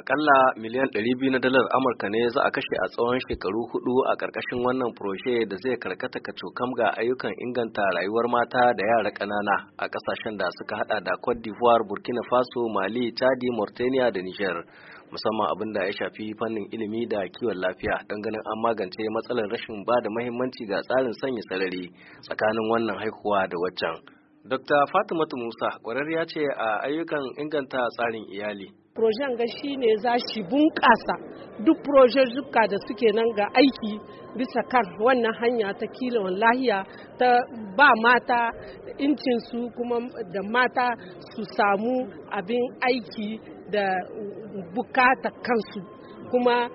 akalla miliyan 200 na dalar amurka ne za a kashe a tsawon shekaru hudu a ƙarƙashin wannan furoshe da zai karkata kacokam ga ayyukan inganta rayuwar mata da yara ƙanana a ƙasashen da suka hada da cote d'ivoire burkina faso mali chadi mauritania da niger musamman abin da ya shafi fannin ilimi da kiwon lafiya don ganin an magance matsalar rashin ba da mahimmanci ga tsarin sanya sarari tsakanin wannan haihuwa da waccan Dr. Fatimatu Musa ya ce a ayyukan inganta tsarin iyali. Projen ga shi ne za shi bunƙasa duk projejuka da suke nan ga aiki bisa kan wannan hanya ta kilon lahiya ta ba mata incinsu kuma da mata su samu abin aiki da bukata kansu kuma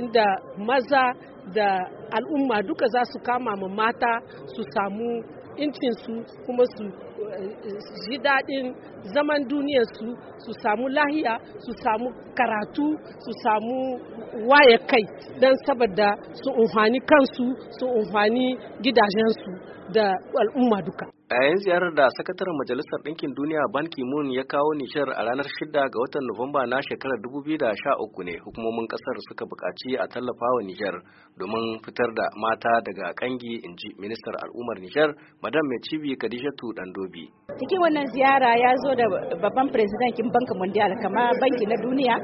inda maza da al'umma duka za su kama ma mata su samu incinsu kuma eh, su ji daɗin zaman duniyarsu su samu lahiya su samu karatu su samu waye kai don saboda su umfani kansu su umfani gidajensu da al'umma duka a yayin ziyarar da sakataren majalisar ɗinkin duniya ban ki-moon ya kawo nishar a ranar 6 ga watan nuwamba na shekarar 2013 ne hukumomin ƙasar suka buƙaci a tallafa wa nishar domin fitar da mata daga kangi inji ministar al'ummar nishar madam mai cibi ɗan dandobi cikin wannan ziyara ya zo da babban firesidankin bankin mundial kama banki na duniya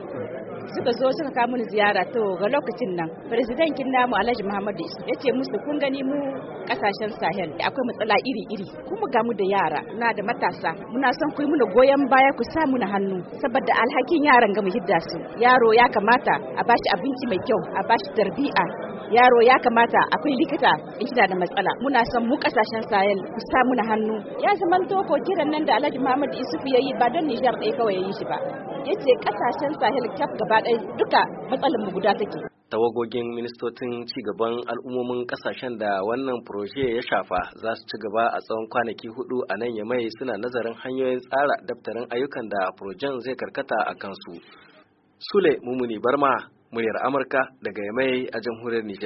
suka zo suka kawo mini ziyara to ga lokacin nan firizidankin namu alhaji muhammadu ya ce musu kun gani mu kasashen sahel akwai matsala iri-iri kuma ga mu da yara na da matasa muna son ku yi muna goyon baya ku sa mu na hannu saboda alhakin yaran ga mu hidda su yaro ya kamata a bashi abinci mai kyau a bashi tarbiya yaro ya kamata akwai likita in da matsala muna son mu kasashen sahel ku sa mu na hannu ya zamanto ko kiran nan da alhaji muhammadu isufu ya yi ba don nijar ɗaya kawai ya yi shi ba yace kasashen sahel kyaf gaba gaba ɗaya duka matsalar guda take tawagogin ministocin cigaban al'ummomin kasashen da wannan proje ya shafa za su ci gaba a tsawon kwanaki hudu a nan ya mai suna nazarin hanyoyin tsara daftarin ayyukan da projen zai karkata a kansu sule mumuni barma muryar amurka daga ya yamai a jamhuriyar nijar